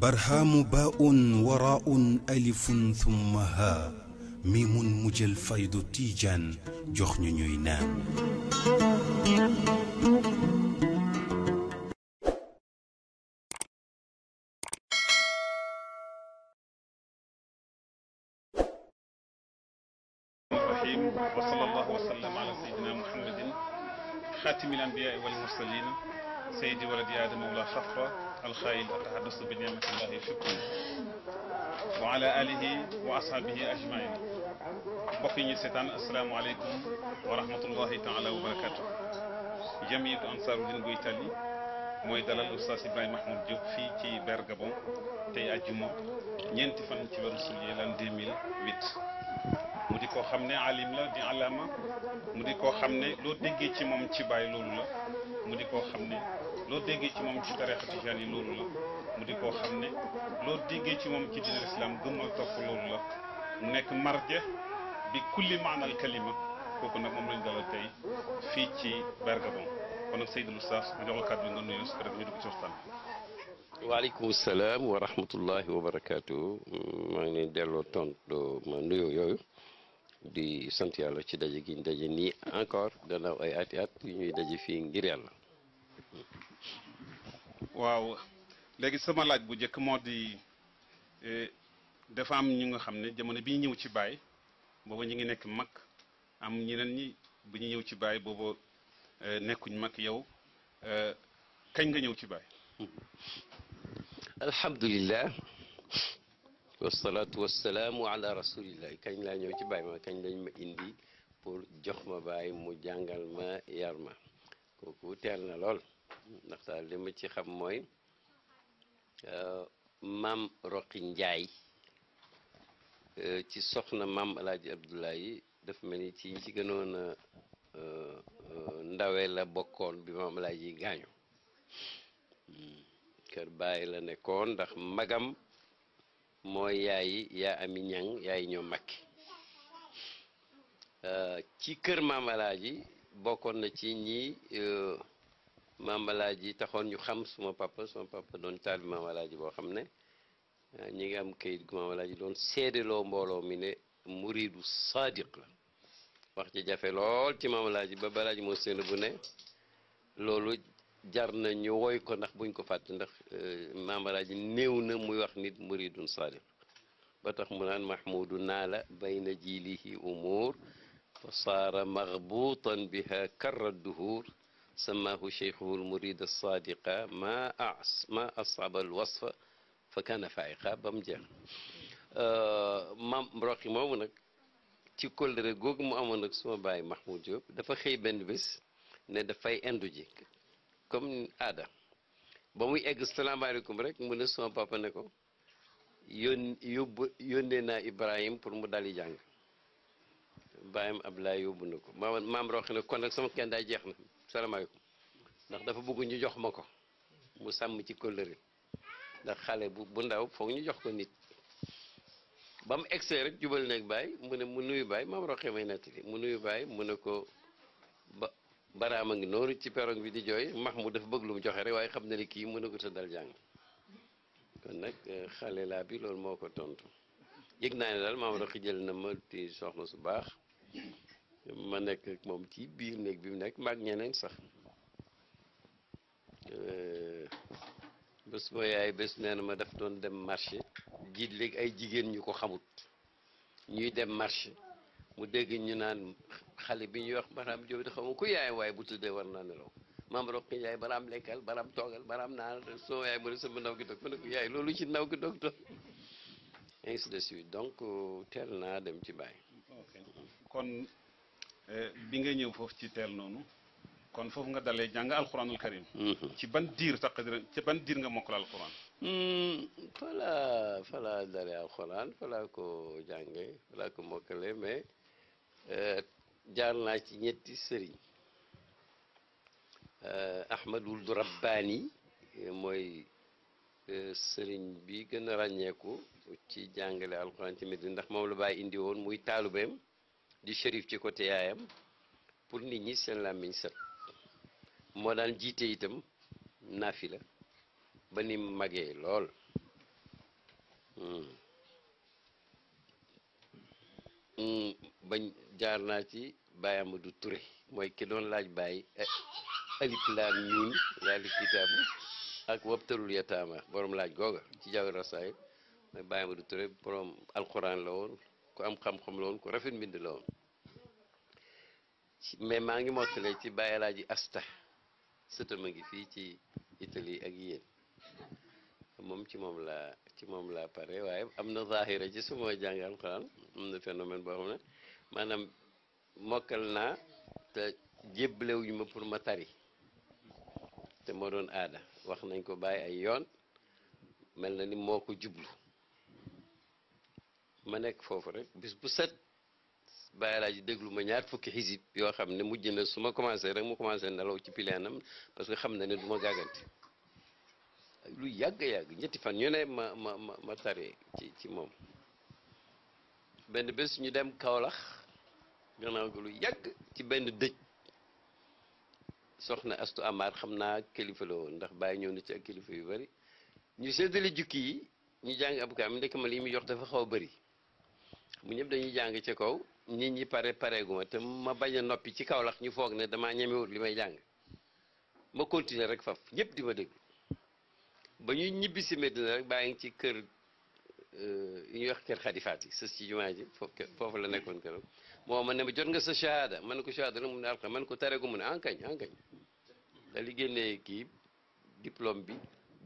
برهام باء وراء ألف ثم ها ميم مجل فيض تيجان جخن نام الرحيم وصلى الله وسلم على سيدنا محمد خاتم الأنبياء والمرسلين سيدي ولد آدم مولى خفرة الخيل أتحدث بنعمة الله شكرا وعلى آله وأصحابه أجمعين بقي سيتان السلام عليكم ورحمة الله تعالى وبركاته جمعية أنصار الدين بويتالي mooy dalal oustaz Ibrahima Mahmoud Diop fii ci Bergabon tey àjjuma ñeenti fan ci weeru sulet lan 2008 mu di koo xam ne alim la di alama mu di koo xam ne loo déggee ci moom ci bàyyi loolu la mu di koo xam ne loo déggee ci moom ci tarixa tijaan yi loolu la mu di koo xam ne loo déggee ci moom ci diine lislaam gëm topp loolu la mu nekk marja bi kulli maanal kalima kooku nag moom lañ dalal tey fii ci Bergamo kon nag Seydou Moustapha ma jox la bi nga nuyu su ko def ñu ci waxtaan bi. waaleykum salaam wa rahmatullahi wa barakaatu maa ngi leen delloo tontu ma nuyoo yooyu. di sant yàlla ci daje gi ñu daje nii encore gannaaw ay ati at yu ñuy daje fii ngir yàlla waaw léegi sama laaj bu njëkk moo di e, dafa am ñu nga xam ne jamono bi ñëw ci baay booba ñu ngi nekk mag am ñeneen ñi bi ñu ñëw ci baay boobu e, nekkuñ mag yow e, kañ nga ñëw ci baay alhamdulilah wasalaatu wasalaamu ala rasulillah kañ laa ñëw ci baay ma kañ lañ ma indi pour jox ma baay mu jàngal ma yar ma kooku teel na lool ndax daal li ma ci xam mooy euh, maam Roqi Njaay euh, ci soxna maam alaaji Abdoulaye daf mel ni ci ci gënoon euh, ndawe la bokkoon bi maam alaaji gaañu hmm. kër bàyyi la nekkoon ndax magam mooy yaayi yaa ami ñang yaay ñoo makki ci kër maam alaaji bokkoon na ci ñi maam alaaji taxoon ñu xam suma papa suma papa doon taalibe maam alaaji boo xam ne ah, ñi ngi am kayit gu maam doon seedeloo mbooloo mi ne muridu sadiq la wax ci jafe lool ci maam alaaji ba balaaji moo seen bu ne loolu jar na ñu woy ko ndax buñ ko fàtte ndax eh, maam alaaji néew na muy wax nit muridun sadiq ba tax mu naan mahmudu naa la bayna jilihi umuur fa saara maxbuutan biha karra duhuur سماه شيخه المريد الصادق ما أعص ما أصعب الوصف فكان فائقا بمجا آه ما مراقي ما منك تقول رجوك ما منك سوى باي محمود جوب دفع خي بنبس ندفعي أندوجيك كم أدا بمي إيه السلام عليكم رك من سوى بابا نكو يون يون إبراهيم بروم دالي جانغ بايم أبلا يوبنكو ما ما مراقي نكو نكسم كندا جيخنا salaamaaleykum ndax dafa bëgg ñu jox ma ko mu sàmm ci kóllëre ndax xale bu bu ndaw foog ñu jox ko nit ba mu egsee rek jubal nag baay mu ne mu nuyu baay maam roqee may nettali mu nuyu baay mu ne ko ba baraama ngi noonu ci perong bi di jooy max mu dafa bëgg lu mu joxe rek waaye xam na ne kii mën na ko dal jàng kon nag eh, xale laa bi loolu moo ko tontu yëg naa ne daal maam roqee jël na ma ti soxna su baax ma nekk moom ci biir néeg bi mu nekk maag ñeneen sax euh, bés boo yaay bés nee na ma daf doon dem marché jiit léegi ay jigéen ñu ko xamut ñuy dem marché mu dégg ñu naan xale bi ñuy wax baraam Jóob di xaw ma ku yaay waaye bu tuddee war naa nelaw maam roqi yaay baraam lekkal baraam toogal baraam naa soo yaay mu ne sama ndaw gi dog ma ne ko yaay loolu ci ndaw gi dog dog de suite donc euh, teel naa dem ci bàyyi Eh, bi nga ñëw foofu ci teel noonu kon foofu nga dalee jàng alxuraanul karim mhm. ci ban diir taqdira ci ban diir nga mokkal alxuraan hmm, fala fala dalee alxuraan fala ko jànge fala ko mokkale mais eh, jaar naa ci ñetti sëriñ eh, ahmad wuld rabbaani mooy sëriñ bi gën a ràññeeku ci jàngale alxuraan ci Medina ndax moom la bàyyi indi woon muy taalubeem di shérif ci côté yaayam pour nit ñi seen làmmiñ set moo daan jiite itam naafi la ba ni magee lool hmm. Hmm. bañ jaar naa ci Baye Amadou Touré mooy ki doon laaj Baye eh, alif laam miim yàlla kitaab ak wabtalul yataama borom laaj googa ci jaww rasaay mooy Baye Amadou Touré borom alquran la woon. ku am xam-xam la woon ku rafet mbind la woon mais maa ngi la ci Baye Alaaji Asta sëtama ngi fii ci Italie ak yéen moom ci moom laa ci moom laa pare waaye am na zaahira ci su ma jàng alxuraan am na phénomène boo xam ne maanaam mokkal naa te jébbalewuñu ma pour ma tari te moo doon aada wax nañ ko bàyyi ay yoon mel na ni moo ko jublu ma nekk foofu rek bis bu set bàyyi laa déglu ma ñaar fukki xisib yoo xam ne mujj na su ma commencé rek mu commencé nelaw ci pilaanam parce que xam na ne du ma gàgganti lu ñetti fan ñu ma ma ma ma ci ci moom benn bés ñu dem Kaolack gannaaw gi lu yàgg ci benn dëj soxna Astu Amar xam naa kilifa woon ndax bàyyi ñëw na ci ak kilifa yu bari ñu séddale jukki yi ñu jàng ab kaam ndekk ma lii mu yox dafa xaw a bari bu ñëpp dañuy jàng ci kaw nit ñi pare pareeguma te ma bañ a noppi ci Kaolack ñu foog ne damaa ñemewut li may jàng ma continuer rek faf ñëpp di ma déglu ba ñu ñibbi si na rek baa ngi ci kër euh, yu ñuy wax kër xadifaat yi sës ci jumaa ji foofu la nekkoon këram moo ma ne ma jot nga sa shahada man ko shahada la mun ne alxam man ko taree gu mu a ah, enkañ enkañ ah, da li génnee kii diplôme bi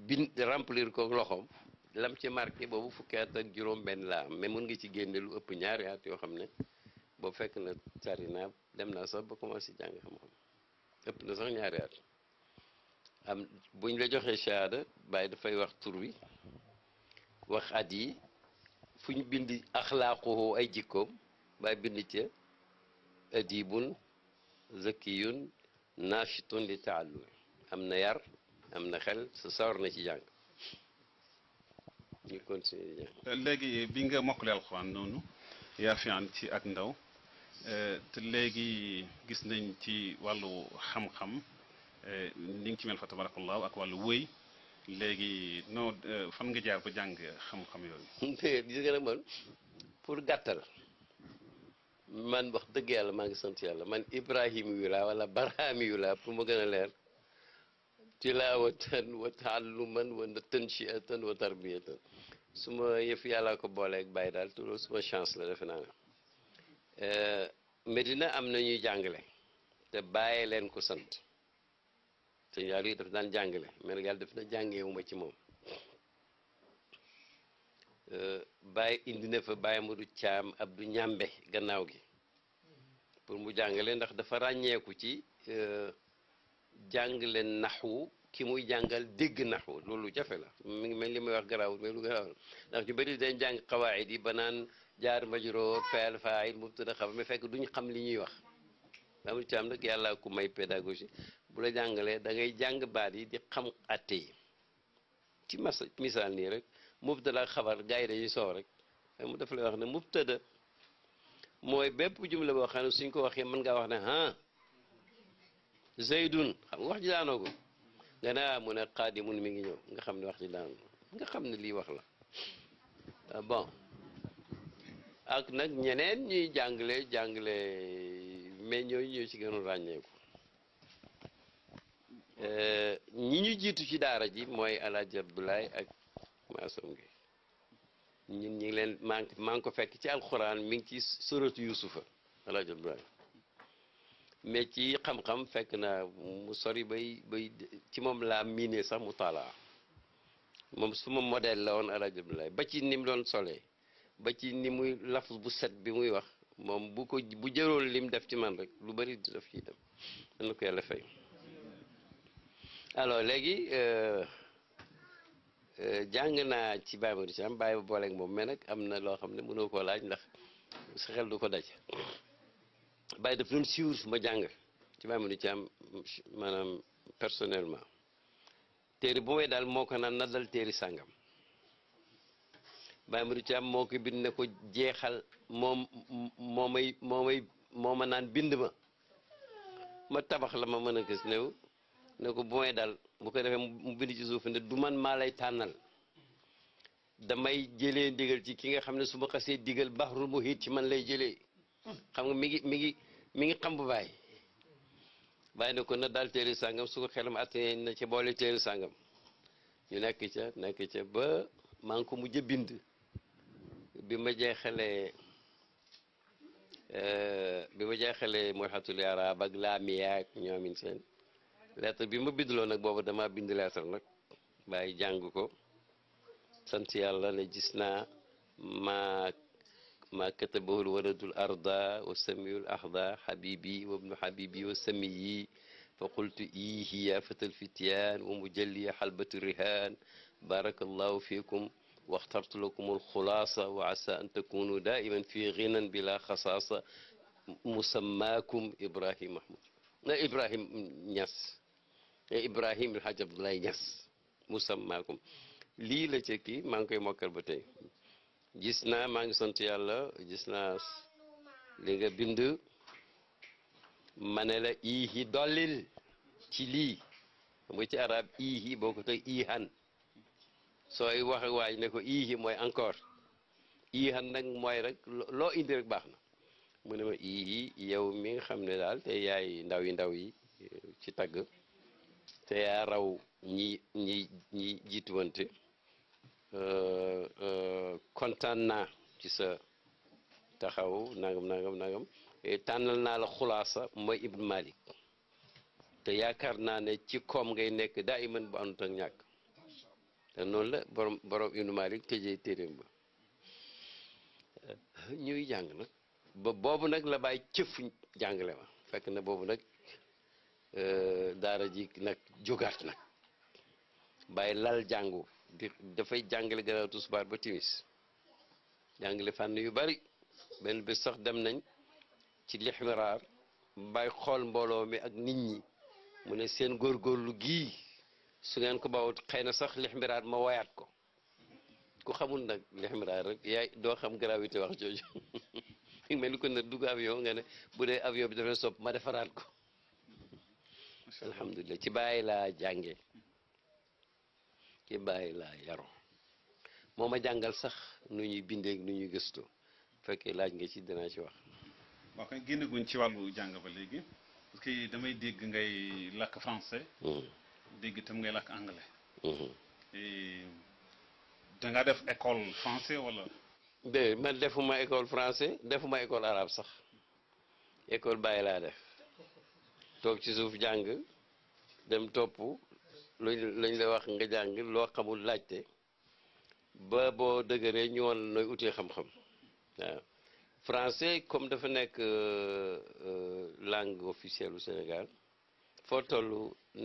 bin remplir ko loxoom lam ci marqué boobu fukki at ak juróom-benn laa am mais mun nga ci génne lu ëpp ñaari at yoo xam ne boo fekk na sari dem naa sax ba commencé jàng xam-xam ëpp na sax ñaari am buñ la joxee shahada bàyyi dafay wax tur wi wax at yi fu ñu bind axlaaquhu ay jikkoom bàyyi bind ca adibun zakiyun nashitun li taallumi am na yar am na xel sa sawar na ci jàng ñu léegi bi nga mokkale alxuraan noonu yaa ci ak ndaw eh, te léegi gis nañ ci wàllu xam-xam eh, ni ci mel fa tabarakallahu ak wàllu wëy léegi noo eh, fan nga jaar ba jàng xam-xam yooyu gis nga nag man pour gàttal man wax dëgg yàlla maa ngi sant yàlla man ibrahim yu laa wala barahami yu laa pour mu gën a leer tilawatan wa taalluman wa tanshiatan wa tarbiyatan su ma yëf yàllaa ko booleeg bàyyi daal te loolu suma chance la defe naa ne Medina am na ñuy jàngale te bàyyi leen ko sant te ñaar yi daf daan jàngale mais nag na daf na ci moom bàyyi indi na fa bàyyi ma du caam ab du ñàmbe gannaaw gi pour mu jàngale ndax dafa ràññeeku ci jàng leen naxwu ki muy jàngal dégg naxwu loolu jafe la mu ngi mel li may wax garaawul mais lu garaawul ndax ñu bëri dañ jàng xawaayid yi ba naan jaar majroor fayal faayil mubtada xabar mais fekk duñ xam li ñuy wax amul ci am nag yàlla ku may pédagogie bu la jàngalee da ngay jàng baat yi di xam atte yi ci mas misaal nii rek mubtada xabar gars yi dañuy soow rek mu def lay wax ne mubtada mooy bépp jumla boo xam ne suñ ko waxee mën ngaa wax ne ah zaydun wax ji daanoo ko nga naa mu ne qaadimun mi ngi ñëw nga xam ne wax ji daanoo nga xam ne lii wax la ah, bon ak nag ñeneen ñuy jàngale jàngale mais ñooñu ñëw ci gën a ràññeeku eh, ñi ñu jiitu ci daara ji mooy Alaaji Abdoulaye ak Maasom gi ñun ñu ngi leen maa ngi ko fekk ci alxuraan mi ngi ci suratu Yuusufa Alaaji mais ci xam-xam fekk na mu sori bay bay ci moom laa miine sax mu taalaa moom suma model la woon alaaji Abdoulaye ba ci ni doon solee ba ci ni muy laf bu set bi muy wax moom bu ko bu jëroon lim def ci man rek lu bari di def ci dem dana ko yàlla fay alors léegi euh, euh, jàng naa ci Baye Modou Thiam bàyyi ba booleeg moom mais nag am na loo xam ne mënoo koo laaj ndax sa xel du ko daj Baye daf doon suivre fu ma jàng ci Baye Modou Thiam maanaam personnellement téere bu may daal moo ko naan na dal téere sàngam Baye Modou Thiam moo ko bind ne ko jeexal moom moo may moo may moo ma naan bind ma ma tabax la ma mën a gis néew ne ko bu may daal bu ko defee mu bind ci suuf ne du man maa lay tànnal damay jëlee ndigal ci ki nga xam ne su ma xasee digal baxrul muhiit ci man lay jëlee xam nga mi ngi mi ngi mi ngi xam bu baay bàyyi na ko na daal téere sàngam su ko xelam atténé na ci boole téere sàngam ñu nekk ca nekk ca ba maa ngi ko mujj bind bi ma jeexalee eh, bi ma jeexalee Mawhatul Arab ak Laamiya ak ñoomin seen lettre bi ma bindloo nag boobu dama bind lettre nag bàyyi jàng ko sant yàlla ne gis naa ما كتبه الولد الأرض والسمي الأخضى حبيبي وابن حبيبي والسمي فقلت إيه يا فتى الفتيان ومجلي حلبة الرهان بارك الله فيكم واخترت لكم الخلاصة وعسى أن تكونوا دائما في غنى بلا خصاصة مسماكم إبراهيم محمود إبراهيم نياس إبراهيم الحاج عبد الله مسماكم لي لا تي maa ngi koy gis naa maa ngi sant yàlla gis naa li nga bind ma ne la iihi dollil ci lii mu ci arab iihi boo ko koy iihan sooy wax waaj ne ko iihi mooy encore iihan nag mooy rek loo indi rek baax na mu ne ma iihi yow mi nga xam ne daal te yaay ndaw yi ndaw yi eh, ci tagg te yaa raw ñi ñi ñi jiituwante kontaan naa ci sa taxaw nangam nangam nangam eh, tànnal naa la xulaasa mooy Ibn Malik te yaakaar naa ne ci koom ngay nekk daa iman bu àndut ak ñàkk te noonu la borom borom Ibn Malik tëjee téeréem ba ñuy jàng nag ba boobu nag la bàyyi cëf jàngale ma fekk na boobu nag eh, daara ji nag jógaat nag bàyyi lal jàngu di dafay jàngale gannaaw tisbaar ba timis jàngale fànn yu bari benn bés sax dem nañ ci lixmiraar bay xool mbooloo mi ak nit ñi mu ne seen góor góorlu gii su ngeen ko bawut xëy na sax lixmiraar ma wayaat ko ku xamul nag lixmiraar rek yaay doo xam gravité wax jooju mel ni ko ne dugg avion nga bu dee avion bi dafay sopp ma defaraat ko alhamdulilah ci bàyyi laa jàngee ki bàyyi laa yaru moo ma jàngal sax nu ñuy bindeek nu ñuy gëstoo fekkee laaj nga ci dinaa ci wax waaw kay génneguñ ci wàllu jàng ba léegi parce que damay dégg ngay làkk français hmm. dégg itam ngay làkk anglais hmm. danga def école français wala de man defuma école français defuma école arabe sax école bàyyi laa def toog ci suuf jàng dem topp luñ lañ la wax nga jàng loo xamul laajte ba boo dëgëree ñu woon nooy utee xam-xam waaw français comme dafa nekk euh, euh, langue officielle u Sénégal foo toll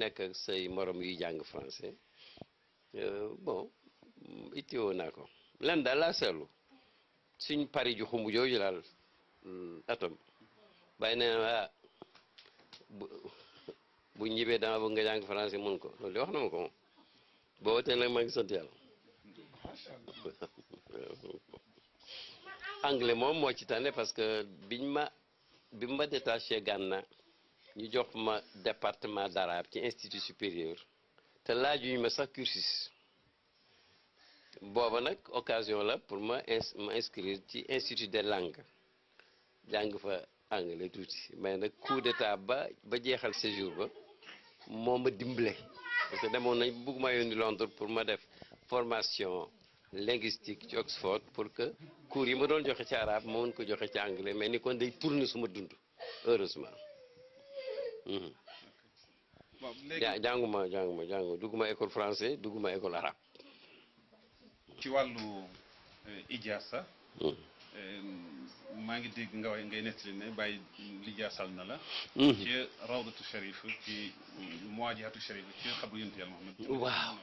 nekk say moroom yuy jàng français euh, bon ittiwoo naa ko lan daal laa seetlu suñ pari ju xumb jooju laal mm, atom bàyyi na ah bu ñibbee dama bëgg nga jàng français mun ko loolu wax na ma ko moom boo tee nag maa ngi sant anglais moom moo ci tane parce que biñ ma bi ma détaché Gànna ñu jox ma département d'arabe ci institut supérieur te laajuñ ma sax cursus booba nag occasion la pour ma ma ci institut de langues jàng fa anglais tout. mais nak coup d'état ba ba jeexal séjour ba moma ma parce que demone nañ bugg yoni yónni Londres pour ma def formation linguistique ci Oxford pour que cour yi ma doon joxe ci arabe mo won ko joxe ci anglais mais ni kon day tourner suma dund heureusement. Mhm. bon léegi janguma janguma jànguma dugguma école français duguma école arabe. ci wàllu euh, ijaasa. Mhm. maa ngi dégg nga ngay nettali ne bàyyi lijaasal na la. Mhm. ci rawdatu sharif ci muwaajaatu sharif ci xabru yonent yàlla Muhammad. waaw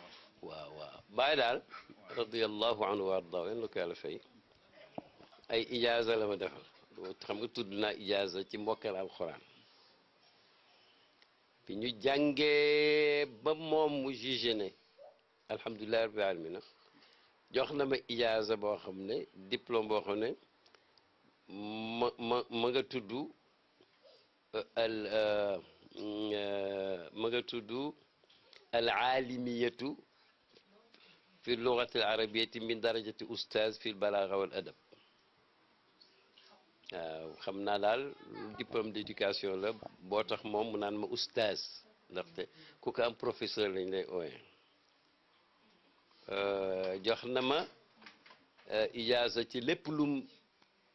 waaw waaw bàyyi daal. radiyallahu anhu wa ardaa yéen la ko yàlla fay. ay ijaaza la ma defal xam nga tudd naa ijaaza ci mbokkal alxuraan. bi ñu jàngee ba moom mu jugé ne alhamdulilah rabbil aalamiina jox na ma ijaaza boo xam ne diplôme boo xam ne ma ma ma nga tudd al ma nga tudd al aalimiyatu fi lugati al arabiyati min darajati ustaaz fi balaaga wal adab waaw xam naa daal diplôme d'éducation la boo tax moom mu naan ma ustaaz ndaxte ku ko am professeur lañ lay ooyee Euh, jox na ma euh, ijaasa ci lépp lum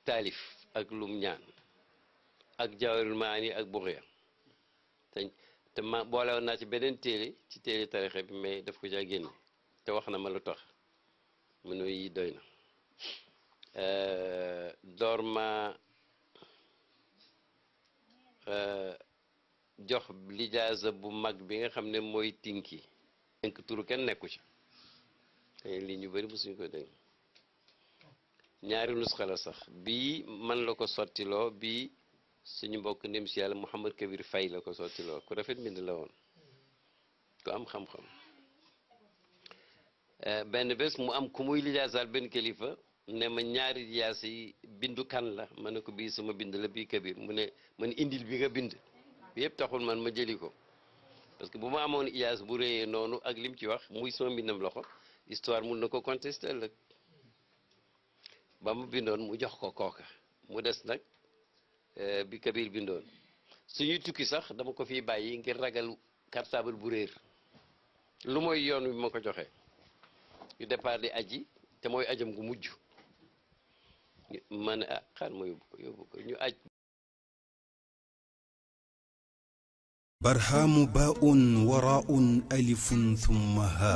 taalif ak lum ñaan ak jawharul maani ak buxya te te ma boole woon naa ci beneen téere ci téere tarixe bi mais daf ko caa génne te wax na ma lu tax mu ne yi doy na euh, door ma jox lijaasa bu mag bi nga xam ne mooy yi denk turu kenn nekku ci lii ñu bëri mosuñu koy dégg ñaari nusxa la sax bii man la ko sottiloo bii suñu mbokk ndem si yàlla Mouhamad Kabir fay la ko sottiloo ku rafet mbind la woon ku am xam-xam eh, benn bés mu am ku muy lijaasaal benn kilifa ne ma ñaari lijaas yi bindu kan la man ne ko bii suma bind la bii Kabir mu ne man indil bi nga bind bi yëpp taxul man ma jëli ko parce que bu ma amoon ijaas bu réyee noonu ak lim ci wax muy sama mbindam loxo histoire mun na ko contesté ëllëg ba mu bindoon mu jox ko kooka mu des nag eh, bi Kabir bindoon suñuy tukki sax dama ko fi bàyyi ngir ragal cartable bu réer lu mooy yoon wi ma ko joxe ñu départ di aji te mooy ajam gu mujj ma ne ah, xaar ma yóbbu ko yóbbu ko ñu aj barhamu baun waraun alifun thumma ha